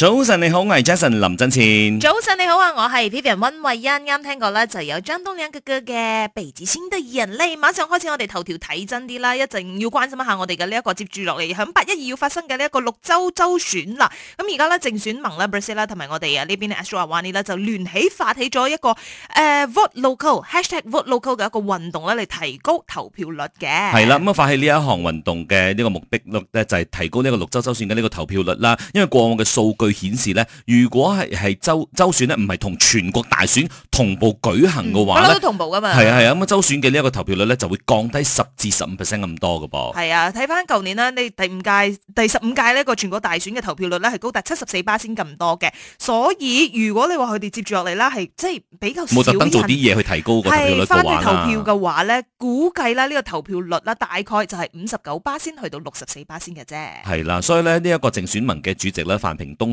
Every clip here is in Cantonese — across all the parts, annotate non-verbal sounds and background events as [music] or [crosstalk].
早晨你好，我係 Jason 林振前。早晨你好啊，我係 Vivian 溫慧欣。啱聽過咧，就有張東亮嘅哥嘅鼻子先酸的眼淚。你馬上開始我哋頭條睇真啲啦，一陣要關心一下我哋嘅呢一個接住落嚟響八一二要發生嘅呢一個六州州選啦。咁而家咧淨選盟啦，Bersih 啦，同埋我哋啊呢邊嘅 Astro Awani 啦就聯起發起咗一個誒、呃、Vote Local、hashtag Vote Local 嘅一個運動啦嚟提高投票率嘅。係啦，咁、嗯、啊發起呢一行運動嘅呢個目的咧就係、是、提高呢個六州州選嘅呢個投票率啦，因為過往嘅數據。顯示咧，如果係係州州選咧，唔係同全國大選同步舉行嘅話咧，同步啊嘛，係啊係啊，咁啊州選嘅呢一個投票率咧就會降低十至十五 percent 咁多嘅噃。係啊，睇翻舊年啦，你第五屆第十五屆呢個全國大選嘅投票率咧係高達七十四巴先咁多嘅，所以如果你話佢哋接住落嚟啦，係即係比較冇特登做啲嘢去提高個投票率嘅話咧，翻去投票嘅話咧，估計啦呢個投票率啦大概就係五十九巴先去到六十四巴先嘅啫。係啦，所以咧呢一個淨選盟嘅主席咧，范平東。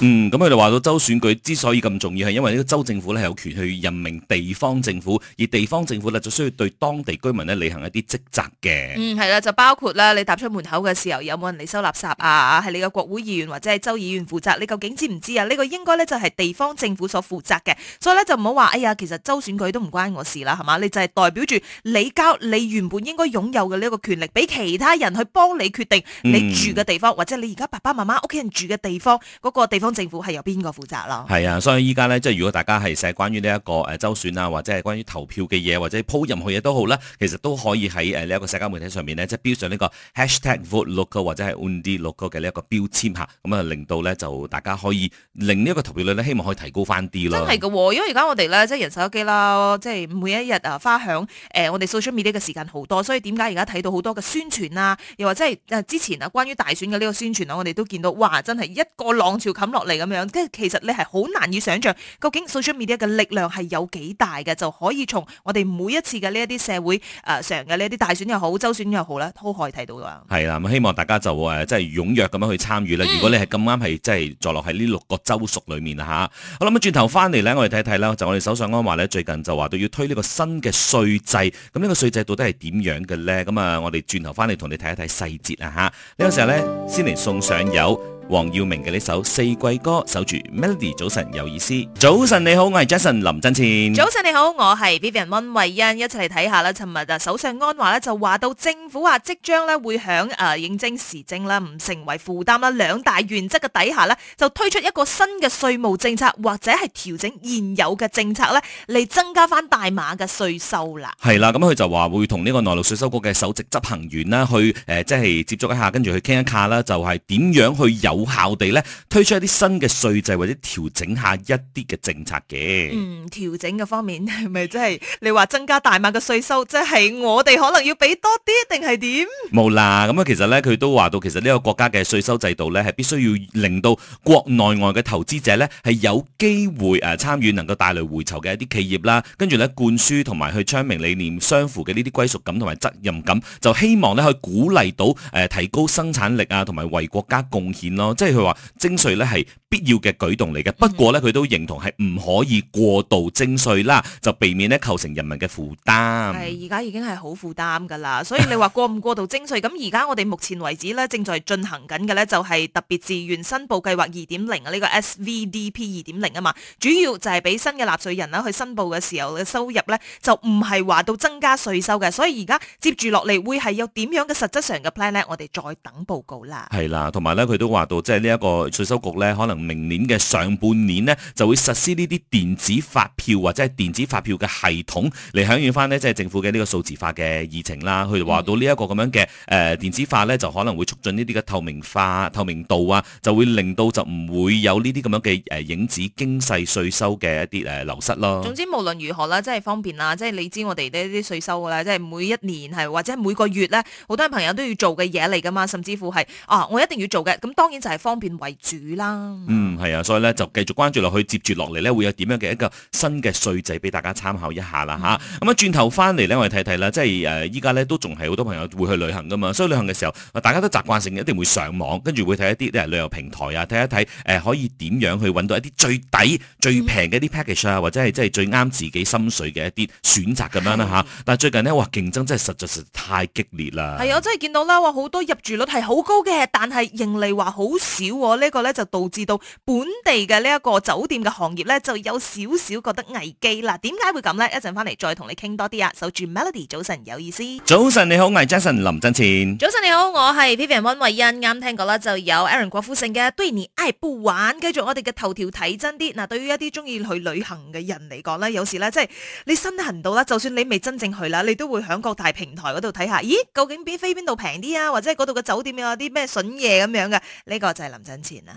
嗯，咁佢哋話到州選舉之所以咁重要，係因為呢個州政府咧係有權去任命地方政府，而地方政府咧就需要對當地居民咧履行一啲職責嘅。嗯，係啦，就包括啦，你踏出門口嘅時候有冇人嚟收垃圾啊？係你嘅國會議員或者係州議員負責？你究竟知唔知啊？呢個應該咧就係地方政府所負責嘅。所以咧就唔好話，哎呀，其實州選舉都唔關我事啦，係嘛？你就係代表住你交你原本應該擁有嘅呢一個權力，俾其他人去幫你決定你住嘅地方，嗯、或者你而家爸爸媽媽屋企人住嘅地方。嗰個地方政府係由邊個負責咯？係啊，所以依家咧，即係如果大家係寫關於呢、這、一個誒周選啊，或者係關於投票嘅嘢，或者鋪任何嘢都好啦，其實都可以喺誒呢一個社交媒體上面咧，即係標上呢、這個 hashtag vote local 或者係 undie local 嘅呢一個標籤吓，咁、嗯、啊令到咧就大家可以令呢一個投票率咧，希望可以提高翻啲啦。真係嘅、哦，因為而家我哋咧即係人手手機啦，即係每一日啊花響誒、呃、我哋 social media 嘅時間好多，所以點解而家睇到好多嘅宣傳啊，又或者係、就是呃、之前啊關於大選嘅呢個宣傳啊，我哋都見到哇，真係一個。我浪潮冚落嚟咁樣，即係其實你係好難以想象，究竟 social media 嘅力量係有幾大嘅，就可以從我哋每一次嘅呢一啲社會誒上嘅呢一啲大選又好，州選又好咧，都可以睇到噶。係啦，咁希望大家就誒即係踴躍咁樣去參與啦。嗯、如果你係咁啱係，即係坐落喺呢六個州屬裏面啊吓。好啦，咁轉頭翻嚟咧，我哋睇睇啦，就我哋首相安華咧最近就話到要推呢個新嘅稅制，咁呢個稅制到底係點樣嘅咧？咁啊，我哋轉頭翻嚟同你睇一睇細節啊吓。呢個時候咧，先嚟送上有。黃耀明嘅呢首《四季歌》，守住 Melody。早晨有意思，早晨你好，我係 Jason 林振前。早晨你好，我係 Vivian 温慧欣。一齊嚟睇下啦。尋日啊，首相安華呢就話到政府啊即將咧會響誒、呃、應徵時徵啦，唔成為負擔啦。兩大原則嘅底下咧，就推出一個新嘅稅務政策，或者係調整現有嘅政策咧，嚟增加翻大馬嘅稅收啦。係啦，咁、嗯、佢就話會同呢個內陸稅收局嘅首席執行員啦，去誒、呃、即係接觸一下，跟住去傾一下，啦，就係、是、點樣去有。有效地咧推出一啲新嘅稅制或者調整下一啲嘅政策嘅。嗯，調整嘅方面係咪即係你話增加大馬嘅稅收，即係我哋可能要俾多啲定係點？冇啦，咁啊，其實咧佢都話到，其實呢個國家嘅稅收制度咧係必須要令到國內外嘅投資者咧係有機會誒參與，能夠帶嚟回酬嘅一啲企業啦，跟住咧灌輸同埋去昌明理念相符嘅呢啲歸屬感同埋責任感，就希望咧去鼓勵到誒提高生產力啊，同埋為國家貢獻咯。哦，即係佢話徵稅咧係，必要嘅舉動嚟嘅，不過咧佢都認同係唔可以過度徵稅啦，就避免咧構成人民嘅負擔。係而家已經係好負擔㗎啦，所以你話過唔過度徵稅？咁而家我哋目前為止咧正在進行緊嘅咧就係特別自願申報計劃二點零啊，呢個 SVDP 二點零啊嘛，主要就係俾新嘅納稅人啦去申報嘅時候嘅收入咧就唔係話到增加稅收嘅，所以而家接住落嚟會係有點樣嘅實質上嘅 plan 咧，我哋再等報告啦。係啦，同埋咧佢都話到即係呢一個稅收局咧可能。明年嘅上半年呢，就會實施呢啲電子發票或者係電子發票嘅系統，嚟響應翻咧，即係政府嘅呢個數字化嘅議程啦。佢哋話到呢一個咁樣嘅誒、呃、電子化呢，就可能會促進呢啲嘅透明化、透明度啊，就會令到就唔會有呢啲咁樣嘅誒影子經濟稅收嘅一啲誒流失咯。總之，無論如何啦，即係方便啦，即係你知我哋呢啲稅收咧，即係每一年係或者每個月呢，好多朋友都要做嘅嘢嚟噶嘛，甚至乎係啊，我一定要做嘅。咁當然就係方便為主啦。嗯，係啊，所以咧就繼續關注落去，接住落嚟咧會有點樣嘅一個新嘅稅制俾大家參考一下啦吓，咁、嗯、啊轉頭翻嚟咧，我哋睇睇啦，即係誒依家咧都仲係好多朋友會去旅行噶嘛，所以旅行嘅時候，大家都習慣性一定會上網，跟住會睇一啲、呃、旅遊平台啊，睇一睇誒可以點樣去揾到一啲最抵、最平嘅一啲 package 啊，嗯、或者係即係最啱自己心水嘅一啲選擇咁樣啦吓，嗯、但係最近呢，哇競爭真係實在係太激烈啦。係啊，真係見到啦，哇好多入住率係好高嘅，但係盈利話好少喎，呢、呢個咧就導致到。本地嘅呢一個酒店嘅行業咧，就有少少覺得危機啦。點解會咁呢？一陣翻嚟再同你傾多啲啊！守住 Melody，早晨有意思。早晨你好，我係 Jason 林振前。早晨你好，我係 Vivian 溫慧欣。啱聽過啦，就有 Aaron 郭富城嘅《對你愛不完》。繼續我哋嘅頭條睇真啲。嗱，對於一啲中意去旅行嘅人嚟講咧，有時咧即係你身行到啦，就算你未真正去啦，你都會響各大平台嗰度睇下，咦，究竟邊飛邊度平啲啊？或者嗰度嘅酒店有啲咩笋嘢咁樣嘅？呢、這個就係林振前啦、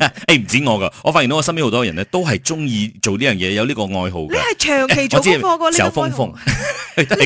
啊。 [laughs] 誒，唔、欸、止我噶，我發現到我身邊好多人咧，都係中意做呢樣嘢，有呢個愛好。你係長期做呢個嘅呢個愛好， [laughs] 你咁，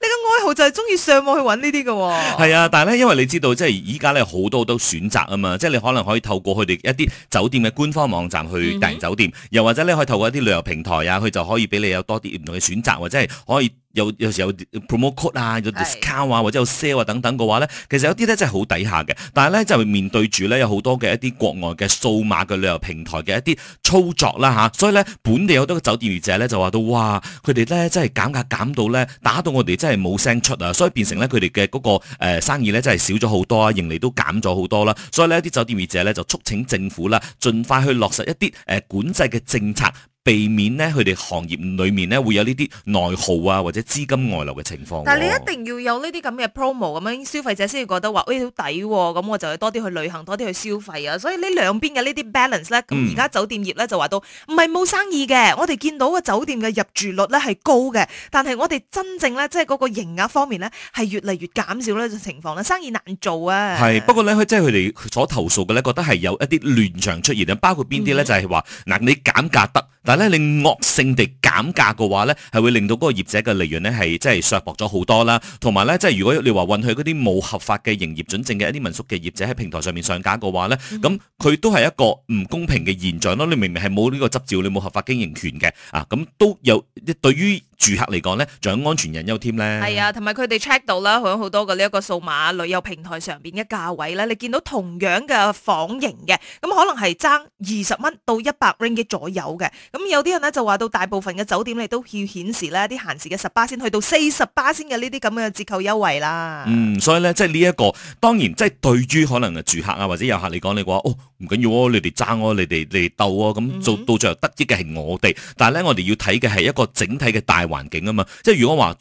你嘅愛好就係中意上網去揾呢啲嘅。係啊，但係咧，因為你知道，即係依家咧好多都選擇啊嘛，即係你可能可以透過佢哋一啲酒店嘅官方網站去訂酒店，嗯、哼又或者你可以透過一啲旅遊平台啊，佢就可以俾你有多啲唔同嘅選擇，或者係可以。有有時有 promote code 啊，有 discount 啊，或者有 sale 啊等等嘅話咧，其實有啲咧真係好底下嘅，但係咧就會面對住咧有好多嘅一啲國外嘅數碼嘅旅遊平台嘅一啲操作啦、啊、吓，所以咧本地好多嘅酒店業者咧就話到哇，佢哋咧真係減價減到咧打到我哋真係冇聲出啊，所以變成咧佢哋嘅嗰個、呃、生意咧真係少咗好多啊，盈利都減咗好多啦，所以呢，一啲酒店業者咧就促請政府啦，儘快去落實一啲誒、呃呃、管制嘅政策。避免咧，佢哋行業裏面咧會有呢啲內耗啊，或者資金外流嘅情況、哦。但係你一定要有呢啲咁嘅 promo 咁樣，消費者先要覺得話呢好抵，咁、哎哦、我就去多啲去旅行，多啲去消費啊。所以兩邊呢兩邊嘅呢啲 balance 咧，咁而家酒店業咧就話到唔係冇生意嘅。我哋見到嘅酒店嘅入住率咧係高嘅，但係我哋真正咧即係嗰個營業額方面咧係越嚟越減少呢種情況咧，生意難做啊。係不過咧，即係佢哋所投訴嘅咧，覺得係有一啲亂象出現啊。包括邊啲咧，嗯、就係話嗱，你減價得。但係咧，你惡性地減價嘅話咧，係會令到嗰個業者嘅利潤咧係即係削薄咗好多啦。同埋咧，即係如果你話允許嗰啲冇合法嘅營業準證嘅一啲民宿嘅業者喺平台上面上架嘅話咧，咁佢都係一個唔公平嘅現象咯。你明明係冇呢個執照，你冇合法經營權嘅啊，咁都有對於住客嚟講咧，仲有安全隱憂添咧。係啊，同埋佢哋 check 到啦，響好多嘅呢一個數碼旅遊平台上邊嘅價位咧，你見到同樣嘅房型嘅，咁可能係爭二十蚊到一百 ring 嘅左右嘅咁。咁有啲人咧就話到大部分嘅酒店你都要顯示咧啲閒時嘅十八先，去到四十八先嘅呢啲咁嘅折扣優惠啦。嗯，所以咧即係呢一個，當然即係對於可能住客啊或者遊客嚟講，你話哦唔緊要哦，你哋爭哦，你哋嚟鬥哦，咁做、啊、到最後得益嘅係我哋。但係咧我哋要睇嘅係一個整體嘅大環境啊嘛，即係如果話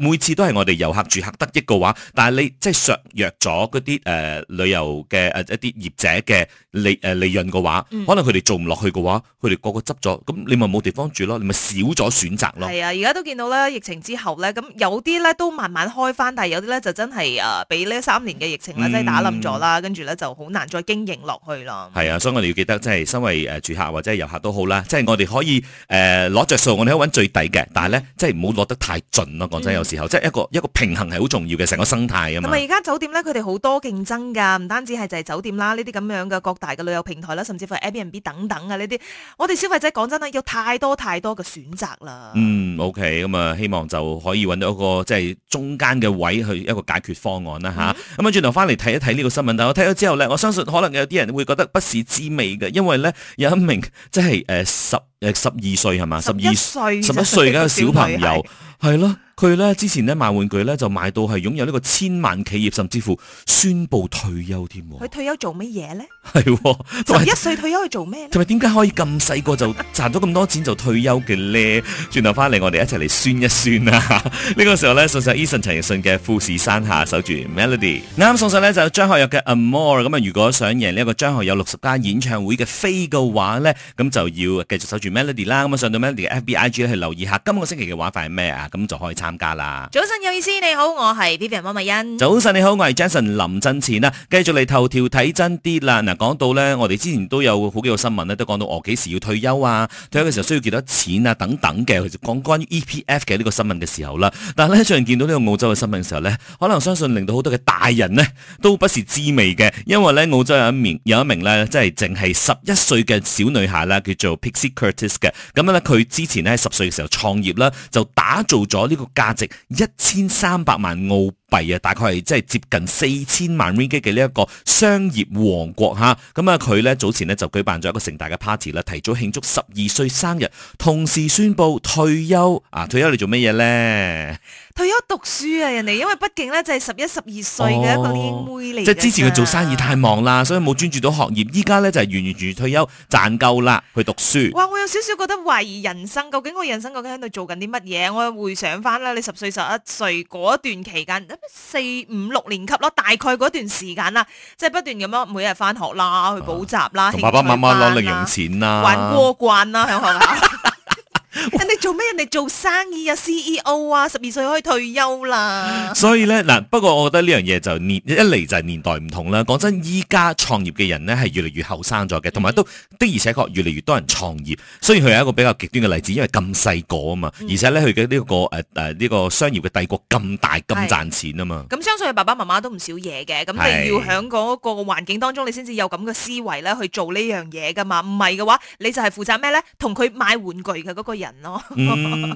每次都係我哋遊客住客得益嘅話，但係你即係削弱咗嗰啲誒旅遊嘅誒、呃、一啲業者嘅利誒、呃、利潤嘅話，嗯、可能佢哋做唔落去嘅話，佢哋個個執咗，咁你咪冇地方住咯，你咪少咗選擇咯。係啊、嗯，而家都見到啦，疫情之後咧，咁有啲咧都慢慢開返，但係有啲咧就真係啊，俾呢三年嘅疫情啊，真係打冧咗啦，跟住咧就好難再經營落去啦。係啊，所以我哋要記得，即係身為誒住客或者係遊客都好啦，即係我哋可以誒攞着數，我哋可以揾最抵嘅，但係咧即係唔好攞得太盡咯。講、嗯、真有。嗯時候即係一個一個平衡係好重要嘅，成個生態啊嘛。同埋而家酒店咧，佢哋好多競爭㗎，唔單止係就係酒店啦，呢啲咁樣嘅各大嘅旅遊平台啦，甚至乎 Airbnb 等等啊呢啲。我哋消費者講真啦，有太多太多嘅選擇啦。嗯，OK，咁、嗯、啊，希望就可以搵到一個即係中間嘅位去一個解決方案啦吓，咁啊，轉頭返嚟睇一睇呢個新聞，但我睇咗之後咧，我相信可能有啲人會覺得不是滋味嘅，因為咧有一名即係誒、呃、十。十二歲係嘛？十二歲，十一歲而家嘅小朋友係咯，佢咧的之前咧賣玩具咧就賣到係擁有呢個千萬企業，甚至乎宣布退休添。佢退休做乜嘢咧？係、哦，就一歲退休去做咩同埋點解可以咁細個就賺咗咁多錢就退休嘅咧？轉頭翻嚟，我哋一齊嚟算一算啊！呢個時候咧，送上 Eason 陳奕迅嘅富士山下，守住 Melody。啱啱 [music] 送上呢，就有張學友嘅 A More。咁啊，如果想贏呢一個張學友六十加演唱會嘅飛嘅話咧，咁就要繼續守住。Melody 啦，咁啊上到 Melody 嘅 FBIG 咧去留意下，今個星期嘅玩法係咩啊？咁就可以參加啦。早晨有意思，你好，我係 Beverly 麥欣。早晨你好，我係 Jason 林振前啊。繼續嚟頭條睇真啲啦。嗱、啊，講到咧，我哋之前都有好幾個新聞咧，都講到我幾時要退休啊，退休嘅時候需要幾多錢啊等等嘅，就講關於 EPF 嘅呢、這個新聞嘅時候啦。但係咧最近見到呢個澳洲嘅新聞嘅時候咧，可能相信令到好多嘅大人呢，都不是滋味嘅，因為咧澳洲有一名有一名咧即係淨係十一歲嘅小女孩啦，叫做 Pixie Curtis。嘅咁樣咧，佢之前咧喺十歲嘅時候創業啦，就打造咗呢個價值一千三百萬澳。弊啊！大概係即係接近四千萬 ringgit 嘅呢一個商業王國哈，咁啊佢咧早前咧就舉辦咗一個盛大嘅 party 啦，提早慶祝十二歲生日，同時宣布退休啊！退休嚟做乜嘢咧？退休讀書啊！人哋因為畢竟咧就係十一十二歲嘅一個年妹嚟，哦，即係之前佢做生意太忙啦，所以冇專注到學業，依家咧就係完完全全退休，賺夠啦去讀書。哇！我有少少覺得懷疑人生，究竟我人生究竟喺度做緊啲乜嘢？我又回想翻啦，你十歲十一歲嗰段期間。四五六年級咯，大概嗰段時間啦，即係不斷咁樣每日返學啦，去補習啦，同、啊、爸爸媽媽攞零用錢啦，玩過關啦，響 [laughs] 學校。 [laughs] 咁你做咩？人哋做生意啊，CEO 啊，十二歲可以退休啦。 [laughs] 所以咧，嗱，不過我覺得呢樣嘢就年一嚟就係年代唔同啦。講真，依家創業嘅人咧係越嚟越後生咗嘅，同埋都的而且確越嚟越多人創業。雖然佢係一個比較極端嘅例子，因為咁細個啊嘛，而且咧佢嘅呢個誒誒呢個商業嘅帝國咁大咁賺錢啊嘛。咁相信你爸爸媽媽都唔少嘢嘅。咁你要喺嗰個環境當中，你先至有咁嘅思維咧去做呢樣嘢噶嘛？唔係嘅話，你就係負責咩咧？同佢買玩具嘅嗰個。人咯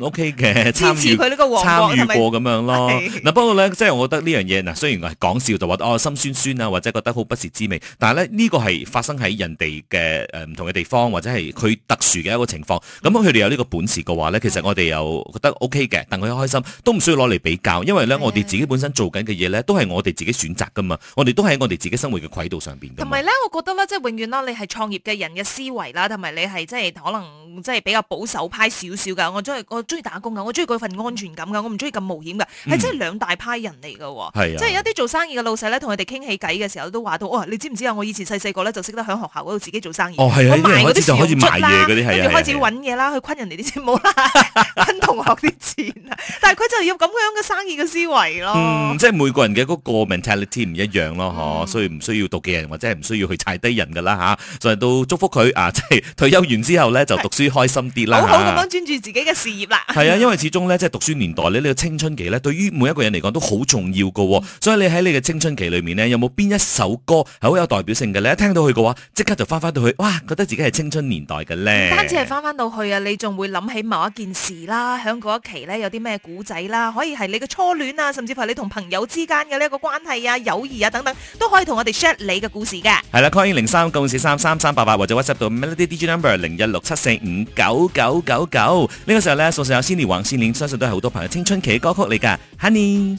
，OK 嘅，okay，參與佢呢個王國，參與過咁樣咯。嗱，不過咧，即係我覺得呢樣嘢，嗱，雖然係講笑，就話哦，心酸酸啊，或者覺得好不切滋味。但係咧，呢、這個係發生喺人哋嘅誒唔同嘅地方，或者係佢特殊嘅一個情況。咁佢哋有呢個本事嘅話咧，其實我哋又覺得 OK 嘅，戥佢開心，都唔需要攞嚟比較，因為咧的我哋自己本身做緊嘅嘢咧，都係我哋自己選擇噶嘛，我哋都喺我哋自己生活嘅軌道上邊。同埋咧，我覺得咧，即係永遠啦，你係創業嘅人嘅思維啦，同埋你係即係可能。即係比較保守派少少噶，我真係我中意打工噶，我中意嗰份安全感噶，我唔中意咁冒險噶，係真係兩大派人嚟噶，即係有啲做生意嘅老細咧，同佢哋傾起偈嘅時候都話到，哇！你知唔知啊？我以前細細個咧就識得喺學校嗰度自己做生意，我賣嗰啲嘢出啦，跟住開始揾嘢啦，去昆人哋啲錢，冇昆同學啲錢啊！但係佢就有咁樣嘅生意嘅思維咯，即係每個人嘅嗰個 mentality 唔一樣咯，嗬，所以唔需要讀嘅人或者係唔需要去踩低人噶啦嚇，所以都祝福佢啊，即係退休完之後咧就讀書。開心啲啦，好好咁樣專注自己嘅事業啦。係啊，因為始終咧，即係讀書年代咧，呢個青春期咧，對於每一個人嚟講都好重要噶。所以你喺你嘅青春期裏面咧，有冇邊一首歌係好有代表性嘅咧？一聽到佢嘅話，即刻就翻翻到去，哇！覺得自己係青春年代嘅咧。唔單止係翻翻到去啊，你仲會諗起某一件事啦，喺嗰一期咧有啲咩古仔啦，可以係你嘅初戀啊，甚至乎係你同朋友之間嘅呢一個關係啊、友誼啊等等，都可以同我哋 share 你嘅故事嘅。係啦，calling 零三九四三三三八八，或者 WhatsApp 到 Melody DJ number 零一六七四五。九九九九呢、這個時候咧，送上有 Cindy 黃思寧，相信都係好多朋友青春期嘅歌曲嚟噶，Honey。